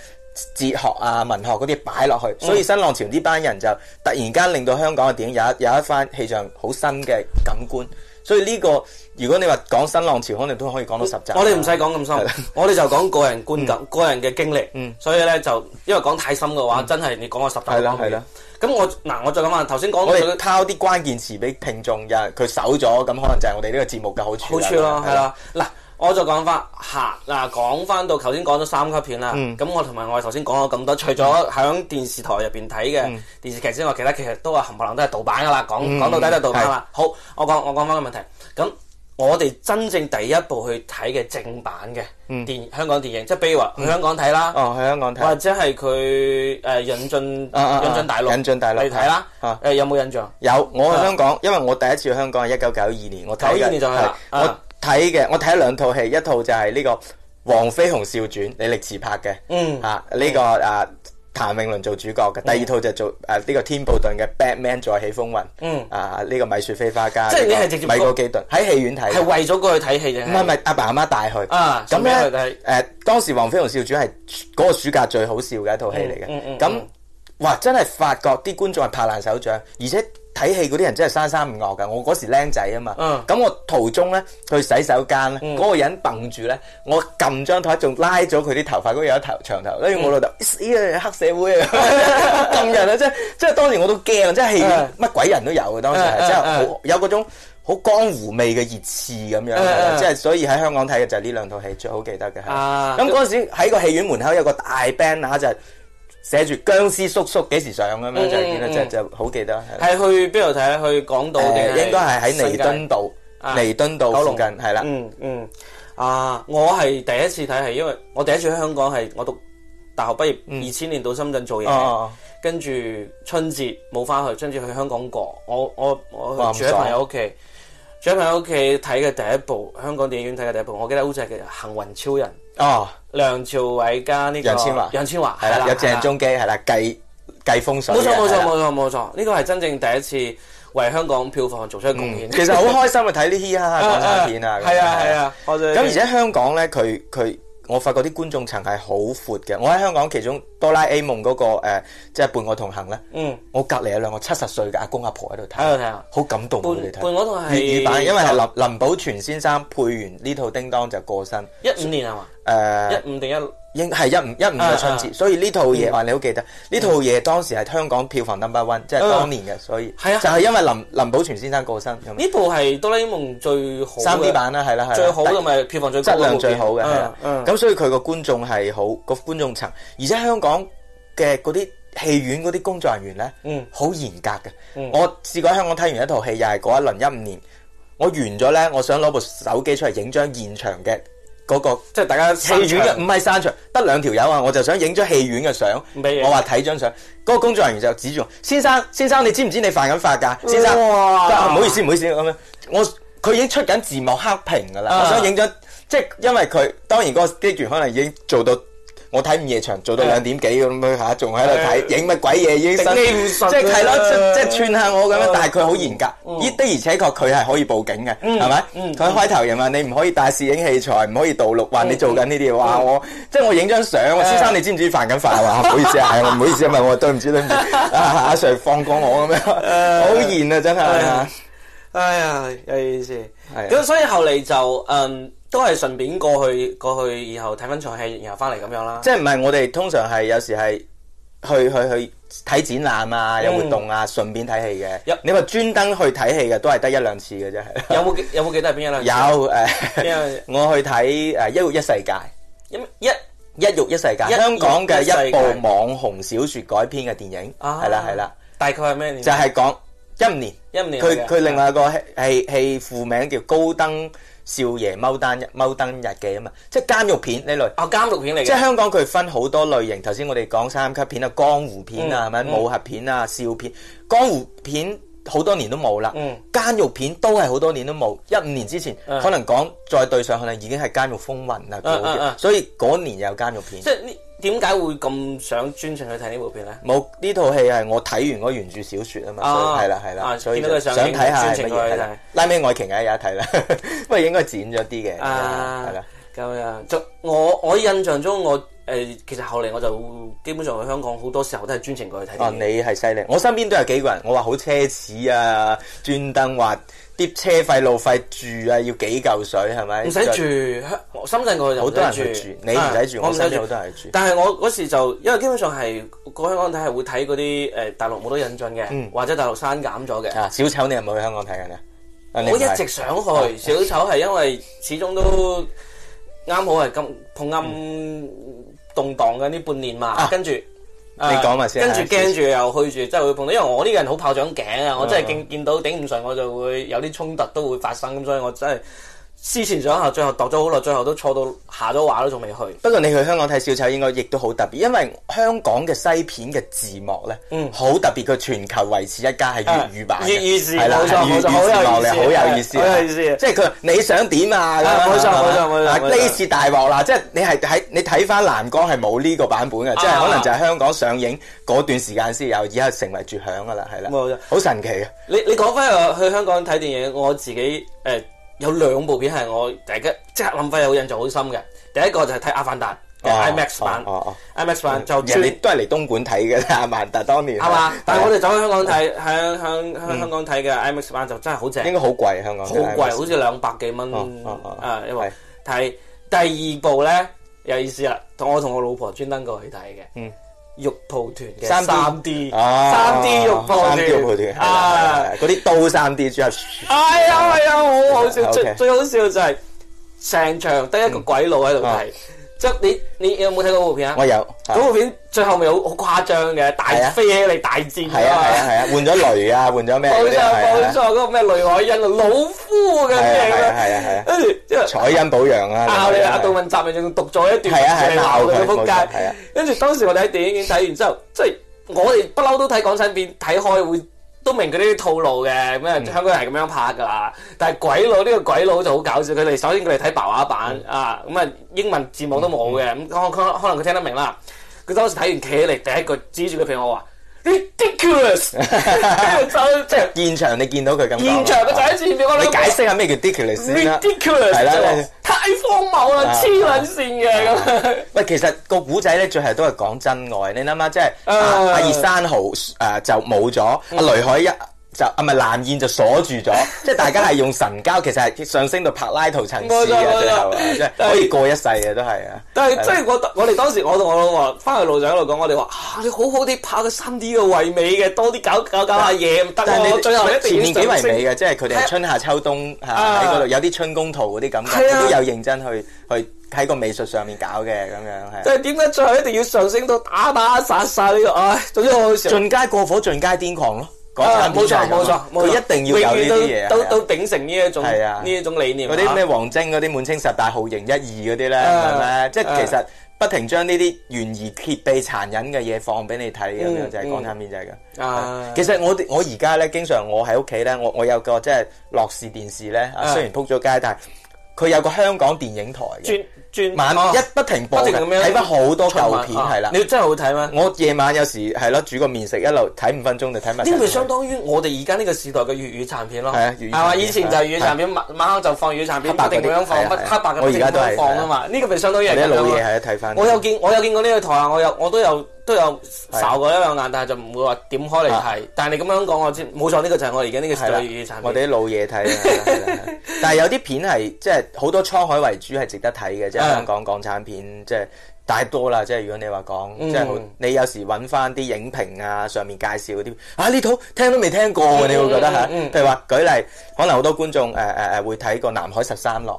哲學啊、文學嗰啲擺落去。所以新浪潮呢班人就突然間令到香港嘅電影有一有一番氣象，好新嘅感官。所以呢、這個，如果你話講新浪潮，可能都可以講到十集我。我哋唔使講咁深，的我哋就講個人觀感，嗯、個人嘅經歷。嗯，所以咧就因為講太深嘅話，嗯、真係你講個十集都冇。係啦，係啦。咁我嗱，我再諗下頭先講。到我哋都抄啲關鍵詞俾聽眾，又佢搜咗，咁可能就係我哋呢個節目嘅好處。好處咯，係啦。嗱。我就講翻，吓嗱，講翻到頭先講咗三級片啦。咁我同埋我頭先講咗咁多，除咗喺電視台入邊睇嘅電視劇之外，其他其實都話冚唪唥都係盜版噶啦。講，講到底都係盜版啦。好，我講我講翻個問題。咁我哋真正第一部去睇嘅正版嘅電香港電影，即係比如話去香港睇啦，或者係佢誒引進引進大陸引進大陸去睇啦。誒，有冇印象？有，我喺香港，因為我第一次去香港係一九九二年，我睇嘅係。睇嘅，我睇咗兩套戲，一套就係呢個、嗯啊這個《黃飛鴻笑傳》，李力持拍嘅，嗯，啊呢個啊譚詠麟做主角嘅。嗯、第二套就做誒呢、呃這個天布頓嘅《Batman 再起風雲》，嗯，啊呢、這個米雪菲花家，即係你係直接米高基頓喺戲院睇，係為咗過去睇戲嘅。唔係係，阿爸阿媽帶去，啊咁咧，誒、呃、當時《黃飛鴻笑傳》係嗰個暑假最好笑嘅一套戲嚟嘅，咁哇、嗯嗯嗯嗯、真係發覺啲觀眾係拍爛手掌，而且。睇戲嗰啲人真係生生唔惡噶，我嗰時僆仔啊嘛，咁我途中咧去洗手間咧，嗰個人揼住咧，我撳張台仲拉咗佢啲頭髮，嗰度有一頭長頭，跟住我老豆死啊，黑社會啊，撳人啊，即係即係當時我都驚啊，即係戲院乜鬼人都有嘅，當時係即係有嗰種好江湖味嘅熱刺咁樣，即係所以喺香港睇嘅就係呢兩套戲最好記得嘅係，咁嗰陣時喺個戲院門口有個大 banner 就係。寫住僵屍叔叔幾時上咁樣，嗯就是？就係點咧？就就是，好記得。係去邊度睇？去港島定？應該係喺彌敦道，彌街、啊、敦道附近係啦。啊、的嗯嗯。啊！我係第一次睇，係因為我第一次喺香港係我讀大學畢業，二千、嗯、年到深圳做嘢，跟住，啊、春節冇翻去，春節去香港過，我我我，我住咗朋友屋企，住咗朋友屋企睇嘅第一部香港電影院睇嘅第一部，我記得好似係叫《行運超人》啊。哦。梁朝偉加呢個楊千嬅，楊千嬅係啦，有鄭中基係啦，計計風水。冇錯冇錯冇錯冇錯，呢個係真正第一次為香港票房做出貢獻。其實好開心啊，睇啲嘻哈港產片啊。係啊係啊，咁而且香港咧，佢佢，我發覺啲觀眾層係好闊嘅。我喺香港，其中哆啦 A 夢嗰個即係伴我同行咧。嗯，我隔離有兩個七十歲嘅阿公阿婆喺度睇，喺度睇啊，好感動。伴伴我同行係粵語版，因為林林保全先生配完呢套叮當就過身，一五年係嘛？誒一五定一應係一五一五嘅春節，所以呢套嘢我哋都記得。呢套嘢當時係香港票房 number one，即係當年嘅，所以係啊，就係因為林林保全先生過身。呢部係哆啦 A 夢最好三 D 版啦，係啦，係最好同埋票房最高，質量最好嘅。嗯，咁所以佢個觀眾係好，個觀眾層，而且香港嘅嗰啲戲院嗰啲工作人員咧，嗯，好嚴格嘅。我試過喺香港睇完一套戲，又係嗰一輪一五年，我完咗咧，我想攞部手機出嚟影張現場嘅。嗰、即係大家戲院嘅，唔係散場，得兩條友啊！我就想影咗戲院嘅相，咩？我話睇張相，嗰、工作人員就指住我：先生，先生，你知唔知你犯緊法㗎？先生，唔好意思，唔好意思咁樣。我佢已經出緊字幕黑屏㗎啦，我想影咗，啊、即係因為佢當然個機員可能已經做到。我睇午夜場做到兩點幾咁樣嚇，仲喺度睇影乜鬼嘢已經，即係係咯，即係串下我咁樣。但係佢好嚴格，的而且確佢係可以報警嘅，係咪？佢開頭又話你唔可以帶攝影器材，唔可以盜錄，話你做緊呢啲，話我即係我影張相。先生你知唔知犯緊法啊？唔好意思啊，唔好意思啊，問我對唔住對唔住，阿 Sir 放過我咁樣，好嚴啊真係。哎呀有意思，咁所以後嚟就嗯。都係順便過去過去，然後睇翻場戲，然後翻嚟咁樣啦。即係唔係我哋通常係有時係去去去睇展覽啊，有活動啊，順便睇戲嘅。有你咪專登去睇戲嘅，都係得一兩次嘅啫。有冇有冇記得係邊一兩？有誒，我去睇誒《一獄一世界》。一《一獄一世界》香港嘅一部網紅小說改編嘅電影，係啦係啦。大概係咩？就係講一五年，一五年。佢佢另外一個戲戲副名叫《高登》。少爺踎監日記，踎監日記嘅啊嘛。即係監獄片呢類。哦、啊，監獄片嚟嘅。即係香港佢分好多類型，頭先我哋講三級片啊、江湖片啊、係咪？嗯？嗯、武俠片啊、笑片。江湖片好多年都冇啦。嗯。監獄片都係好多年都冇，一五年之前、啊、可能講再對上去啦，已經係監獄風雲啦。嗯嗯嗯。啊啊啊、所以嗰年又有監獄片。即係呢。點解會咁想專程去睇呢部片咧？冇，呢套戲係我睇完嗰原著小說啊嘛，係啦係啦，見、啊、到佢上映，所以想睇下，專程去。拉尾愛情啊，有一睇啦，不過應該剪咗啲嘅，係啦。咁啊，啊樣就我我印象中我誒、呃，其實後嚟我就基本上去香港好多時候都係專程過去睇，啊。你係犀利，我身邊都有幾個人，我話好奢侈啊，專登話。啲車費路費住啊，要幾嚿水係咪？唔使住香、就係、深圳個人都唔使住，你唔使住，我唔使住。但係我嗰時就因為基本上係過香港睇係會睇嗰啲誒大陸冇得引進嘅，呃嗯、或者大陸刪減咗嘅。啊！小丑你係冇去香港睇緊嘅，我一直想去、啊、小丑係因為始終都啱好係咁碰啱動盪嘅呢半年嘛，跟住、啊。啊。你講埋先，跟住驚住又去住，真係會碰到。因為我呢個人好炮仗頸啊，嗯嗯我真係見見到頂唔順，我就會有啲衝突都會發生，咁所以我真係。思前想後，最後度咗好耐，最後都錯到下咗畫都仲未去。不過你去香港睇小丑，應該亦都好特別，因為香港嘅西片嘅字幕咧，嗯，好特別，佢全球唯此一家係粵語版，粵語是，係啦，粵字幕係好有意思，好有意思，即係佢你想點啊？冇錯冇錯冇錯，呢次大鑊啦！即係你係睇你睇翻藍光係冇呢個版本嘅，即係可能就係香港上映嗰段時間先有，以後成為絕響噶啦，係啦，冇錯，好神奇啊！你你講翻去香港睇電影，我自己誒。有兩部片係我大家即刻諗翻係好印象好深嘅，第一個就係睇《阿凡達》嘅 IMAX 版，IMAX 版就即你、嗯、都係嚟東莞睇嘅《阿凡達》當年。係嘛、嗯？但係我哋走去香港睇、哦，向向向香港睇嘅 IMAX 版就真係好正。應該好貴，香港貴。好貴，好似兩百幾蚊啊！因為，但係第二部咧有意思啦，我同我老婆專登過去睇嘅。嗯。肉蒲團嘅三 D，三、啊、D 肉蒲團，團啊！嗰啲刀三 D，Jazz，哎呀，係啊，好好笑，的最的最好笑就係成場得一個鬼佬喺度睇。嗯啊即你你有冇睇過部片啊？我有，嗰部片最後咪好好誇張嘅，大飛起嚟大戰，係啊係啊係啊，換咗雷啊，換咗咩？冇錯冇錯，嗰個咩雷海恩啊，老夫嘅係啊係啊，跟住即係彩音保養啊，教你阿杜汶澤咪仲讀咗一段書鬧佢個撲街，跟住當時我哋喺電影院睇完之後，即係我哋不嬲都睇港產片睇開會。都明佢啲套路嘅，咁啊香港人係咁樣拍噶啦。但係鬼佬呢、呢個鬼佬就好搞笑，佢哋首先佢哋睇白話版、嗯、啊，咁、嗯、啊英文字幕都冇嘅，咁可、嗯嗯、可能佢聽得明啦。佢當時睇完企起嚟，第一個指住佢俾我話，ridiculous，即係現場你見到佢咁講，現場個仔喺前面，我你解釋下咩叫 ridiculous 先啦，係啦，太荒謬啦，黐撚線嘅咁喂，其實個古仔咧，最後都係講真愛，你諗下，即係阿葉山豪誒就冇咗，阿雷海一。就啊，唔係藍燕就鎖住咗， 即係大家係用神交，其實係上升到柏拉圖層次嘅最後啊，即係可以過一世嘅都係啊。 但係即係我我哋當時我同我老婆翻去路上一路講，我哋話嚇你好好啲拍個新啲嘅唯美嘅，多啲搞搞搞下嘢但啦。你最後一要前面要幾唯美嘅，即係佢哋春夏秋冬喺嗰度有啲春宮圖嗰啲感覺，啊、都有認真去去喺個美術上面搞嘅咁樣係。即係點解最後一定要上升到打打殺殺呢、呢個？唉，總之我 進階過火，進階癲狂咯。冇錯冇錯，佢一定要有呢啲嘢，都秉承呢一種呢一種理念。嗰啲咩王晶嗰啲滿清十大酷刑一二嗰啲咧，唔係咩？即係其實不停將呢啲懸疑、揭秘、殘忍嘅嘢放俾你睇咁樣，就係港產片就係咁。啊！其實我哋我而家咧，經常我喺屋企咧，我我有個即係樂視電視咧，雖然撲咗街，但係佢有個香港電影台嘅。晚一不停播，睇翻好多舊片係啦。你真係好睇咩？我夜晚有時係咯，煮個麵食一路睇五分鐘就睇埋。呢個相當於我哋而家呢個時代嘅粵語殘片咯，係嘛？以前就係粵語殘片，晚晚黑就放粵語殘片，不停咁樣放，黑白嘅我而家都係放㗎嘛。呢個咪相當於你老嘢係啊，睇翻。我有見，我有見過呢個台啊，我有，我都有。都有睄過一兩眼，但係就唔會話點開嚟睇。啊、但係你咁樣講，我知冇錯，呢、這個就係我而家呢個對產片。我哋啲老嘢睇但係有啲片係即係好多滄海遺珠係值得睇嘅，即係香港港產片即係太多啦。即係如果你話講，即、就、係、是、你有時揾翻啲影評啊，上面介紹啲啊呢套聽都未聽過嘅，你會覺得吓。譬如話舉例，可能好多觀眾誒誒會睇過《南海十三郎》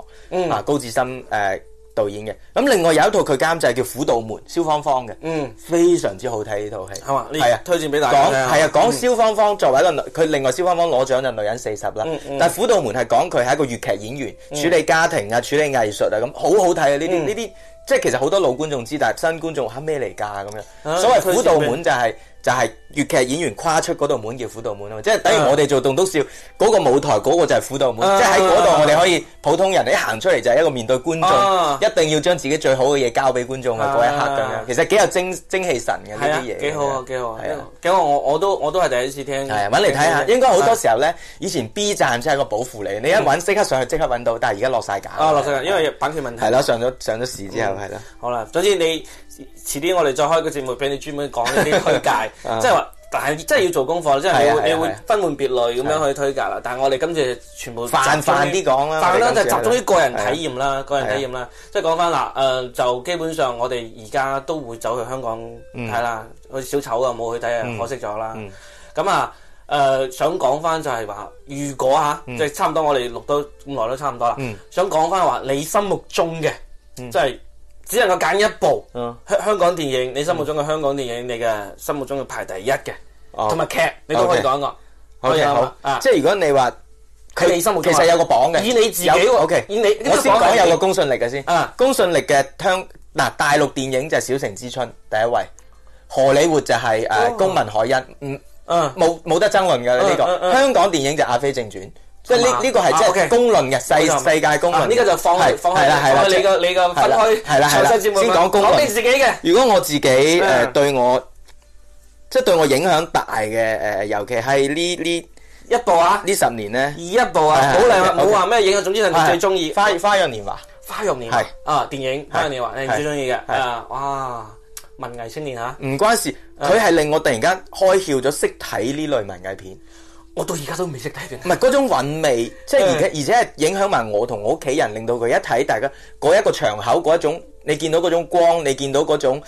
啊、呃，高志森。誒、呃。導演嘅，咁另外有一套佢監製叫《虎度門》，蕭芳芳嘅，嗯，非常之好睇呢套戲，係啊，推薦俾大家。係啊，講蕭芳芳作為一個女，佢、嗯、另外蕭芳芳攞獎就女人四十啦，嗯嗯、但《虎度門》係講佢係一個粵劇演員，嗯、處理家庭啊，處理藝術啊，咁好好睇啊！呢啲呢啲，即係其實好多老觀眾知，但係新觀眾吓咩嚟噶咁樣？所謂《虎度門》就係、是、就係、是。就是粵劇演員跨出嗰道門叫虎度門啊嘛，即係等於我哋做棟篤笑嗰個舞台嗰個就係虎度門，即係喺嗰度我哋可以普通人一行出嚟就係一個面對觀眾，一定要將自己最好嘅嘢交俾觀眾嘅嗰一刻咁樣。其實幾有精精氣神嘅呢啲嘢，幾好啊，幾好，係啊。好！我我都我都係第一次聽，揾嚟睇下。應該好多時候咧，以前 B 站即係個保護嚟你，你一揾即刻上去即刻揾到，但係而家落晒架。落晒架，因為版權問題。係咯，上咗上咗市之後係咯。好啦，總之你遲啲我哋再開個節目俾你專門講呢啲推介，即係話。但係真係要做功課，即係你會你會分門別類咁樣去推介啦。但係我哋今次全部泛泛啲講啦，泛啦，就集中於個人體驗啦，個人體驗啦。即係講翻嗱，誒就基本上我哋而家都會走去香港睇啦，去小丑啊冇去睇啊，可惜咗啦。咁啊誒想講翻就係話，如果吓，即係差唔多，我哋錄到咁耐都差唔多啦。想講翻話你心目中嘅，即係。只能夠揀一部，香港電影，你心目中嘅香港電影，你嘅心目中嘅排第一嘅，同埋劇，你都可以講個，可以啊，即係如果你話，佢哋心目，其實有個榜嘅，以你自己，O K，以你，我先講有個公信力嘅先，啊，公信力嘅香，嗱，大陸電影就係小城之春第一位，荷里活就係誒，公民凱恩，嗯，冇冇得爭論嘅呢個，香港電影就阿飛正傳。即係呢呢個係即係公論嘅世世界公論，呢個就放放係啦係啦，你個你個分開，係啦係啦，最新節目講你自己嘅。如果我自己誒對我，即係對我影響大嘅誒，尤其係呢呢一部啊呢十年咧，一部啊好靚冇話咩影啊。總之係最中意《花花樣年華》。花樣年華係啊，電影《花樣年華》你最中意嘅啊，哇！文藝青年吓，唔關事，佢係令我突然間開竅咗，識睇呢類文藝片。我到而家都未識睇。唔係嗰種韻味，即係而且而且係影響埋我同我屋企人，令到佢一睇大家嗰一個場口嗰一種，你見到嗰種光，你見到嗰種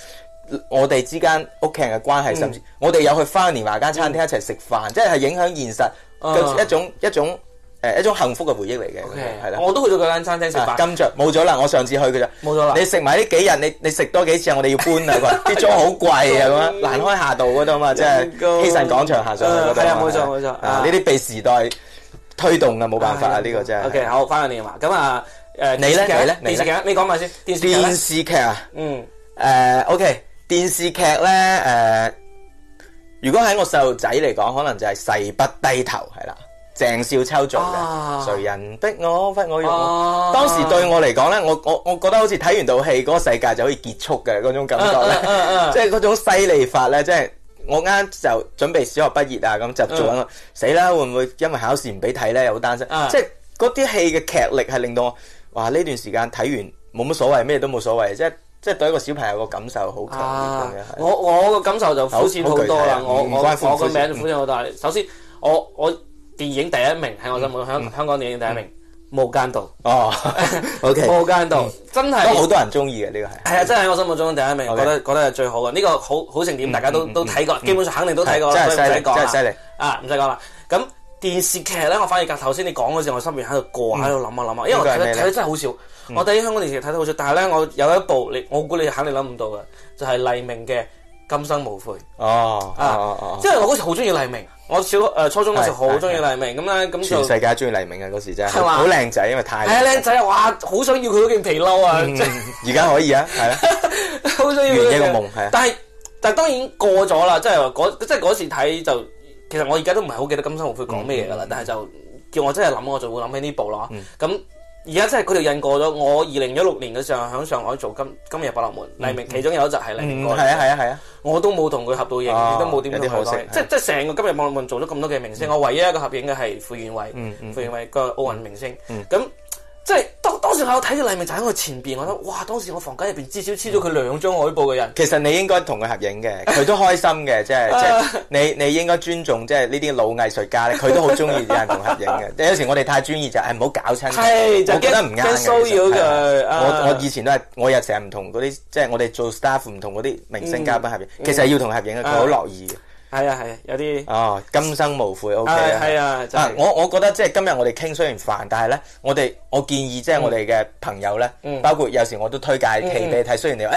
我哋之間屋企人嘅關係，嗯、甚至我哋有去花年華間餐廳一齊食飯，嗯、即係係影響現實一種一種。啊一種誒，一種幸福嘅回憶嚟嘅，係啦。我都去咗嗰間餐廳食飯。跟着，冇咗啦，我上次去嘅咋。冇咗啦。你食埋呢幾日，你你食多幾次，我哋要搬啦，啲租好貴啊，咁樣難開下道嗰度啊嘛，即係基臣廣場下左嗰度。係啊，冇錯冇錯。啊，呢啲被時代推動嘅，冇辦法啊，呢個真係。O K，好，翻去電話。咁啊，誒，你咧，你咧，電視劇，你講埋先。電視劇。電視劇。嗯。誒，O K，電視劇咧，誒，如果喺我細路仔嚟講，可能就係誓不低頭，係啦。鄭少秋做嘅，啊、誰人逼我，逼我用？啊、當時對我嚟講咧，我我我覺得好似睇完套戲，嗰、那個世界就可以結束嘅嗰種感覺咧，即係嗰種犀利法咧，即、就、係、是、我啱就準備小學畢業啊，咁就做緊，死啦、嗯！會唔會因為考試唔俾睇咧？又好擔心，即係嗰啲戲嘅劇力係令到我哇！呢段時間睇完冇乜所謂，咩都冇所謂，即係即係對一個小朋友嘅感受好強烈、啊、我我嘅感受就苦錢好多啦、嗯，我我我嘅名苦好多。首先，我我。我我我電影第一名喺我心目中香香港電影第一名《無間道》。哦，OK，《無間道》真係好多人中意嘅，呢個係，係啊，真係喺我心目中第一名，我覺得覺得係最好嘅，呢個好好經典，大家都都睇過，基本上肯定都睇過，所以唔使講啦。啊唔使講啦。咁電視劇咧，我反而隔頭先你講嗰時，我心入面喺度過喺度諗啊諗啊，因為我睇睇得真係好少。我對香港電視劇睇得好少，但係咧我有一部你我估你肯定諗唔到嘅，就係黎明嘅《今生無悔》哦啊，即係我好似好中意黎明。我小誒初中嗰時好中意黎明咁啦，咁全世界中意黎明啊，嗰時真係，好靚仔，因為太靚仔，係啊靚仔，哇！好想要佢嗰件皮褸啊！即而家可以啊？係啊，好想要。圓一個夢係。但係但當然過咗啦，即係嗰即係嗰時睇就，其實我而家都唔係好記得金城武佢講咩嘢㗎啦，但係就叫我真係諗我就會諗起呢部咯，咁。.而家真係佢條印過咗。我二零一六年嘅時候喺上海做今今日百樂門黎、嗯、明，其中有一集係黎明過年。嗯，係啊，係啊，係啊。我都冇同佢合到影，都冇、哦、點合作即、啊。即即成個今日百樂門做咗咁多嘅明星，嗯、我唯一一個合影嘅係傅園慧。嗯嗯、傅園慧個奧運明星。咁、嗯。嗯即係當當時我睇到黎明就喺我前邊，我覺得哇！當時我房間入邊至少黐咗佢兩張海報嘅人。其實你應該同佢合影嘅，佢都開心嘅，即係即係你你應該尊重即係呢啲老藝術家咧，佢都好中意有人同合影嘅。 有時我哋太專業就係唔好搞親，哎就是、我覺得唔啱嘅。我我以前都係，我有成日唔同嗰啲即係我哋做 staff 唔同嗰啲明星嘉賓、uh, 合影，其實要同合影嘅，佢好、uh, 樂意嘅。係啊係、啊，有啲哦，今生無悔 O K 啦。Okay, 啊，啊，啊，啊，我我覺得即係今日我哋傾雖然煩，但係呢，我哋我建議即係我哋嘅朋友呢，嗯嗯、包括有時我都推介戲俾、嗯、你睇。雖然你話誒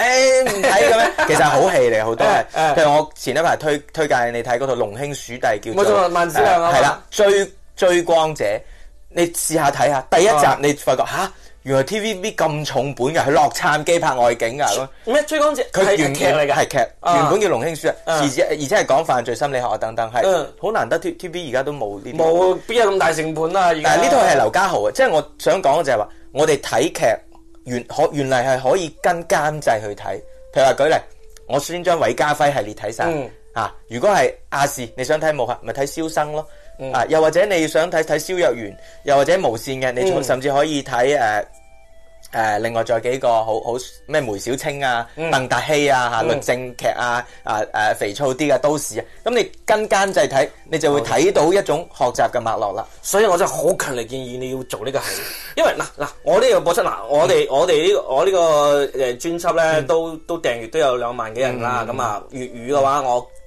唔睇嘅咩，哎、 其實好戲嚟好多嘅。譬、哎哎、如我前一排推推介你睇嗰套龍兄鼠弟叫，冇錯萬萬梓良係啦，追追光者，你試下睇下，第一集你發覺吓。啊啊原來 TVB 咁重本㗎，佢落杉磯拍外景㗎咯。唔係《追光者》，佢係原劇嚟㗎，係劇原本叫《龍興書》啊，而且而且係講犯罪心理學啊等等，係好難得。TVB 而家都冇呢啲冇，邊有咁大成本啊？但係呢套係劉家豪啊，即係我想講嘅就係話，我哋睇劇原可原嚟係可以跟監製去睇。譬如話舉例，我先將韋家輝系列睇晒。啊。如果係亞視，你想睇武俠，咪睇蕭生咯。啊！嗯、又或者你想睇睇蕭若元，又或者無線嘅，你甚至可以睇誒誒，另外再幾個好好咩梅小青啊、嗯、鄧達希啊嚇、嗯、律政劇啊啊誒、啊、肥燥啲嘅、啊、都市啊，咁你跟跟就睇，你就會睇到一種學習嘅脈絡啦。Okay. 所以我真係好強烈建議你要做呢個系列，因為嗱嗱、啊啊，我呢度播出嗱、啊，我哋、這個、我哋呢個我呢個誒專輯咧，嗯、都都訂閱都有兩萬幾人啦。咁啊、嗯，粵語嘅話我。嗯嗯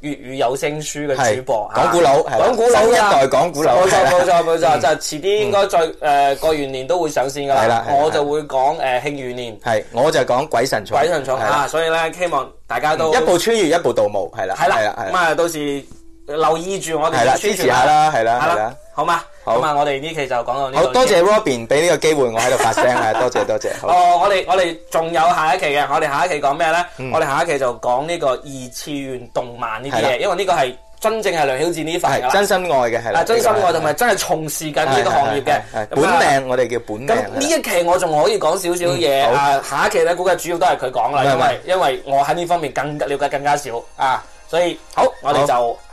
粵語有聲書嘅主播，講古佬，講古佬一代講古佬，冇錯冇錯冇錯，就遲啲應該再誒過完年都會上線㗎啦，係啦，我就會講誒慶餘年，係我就講鬼神藏，鬼神藏啊，所以咧希望大家都一部穿越一部盜墓，係啦，係啦，咁啊到時。留意住我哋支持下啦，係啦，係啦，好嘛？好嘛，我哋呢期就講到呢度。好多謝 Robin 俾呢個機會我喺度發聲啊！多謝多謝。哦，我哋我哋仲有下一期嘅，我哋下一期講咩咧？我哋下一期就講呢個二次元動漫呢啲嘢，因為呢個係真正係梁曉智呢份嘅真心愛嘅係啦，真心愛同埋真係從事緊呢個行業嘅本命，我哋叫本命。咁呢一期我仲可以講少少嘢，啊，下一期咧估計主要都係佢講啦，因為因為我喺呢方面更了解更加少啊，所以好，我哋就。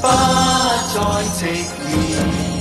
不再寂寥。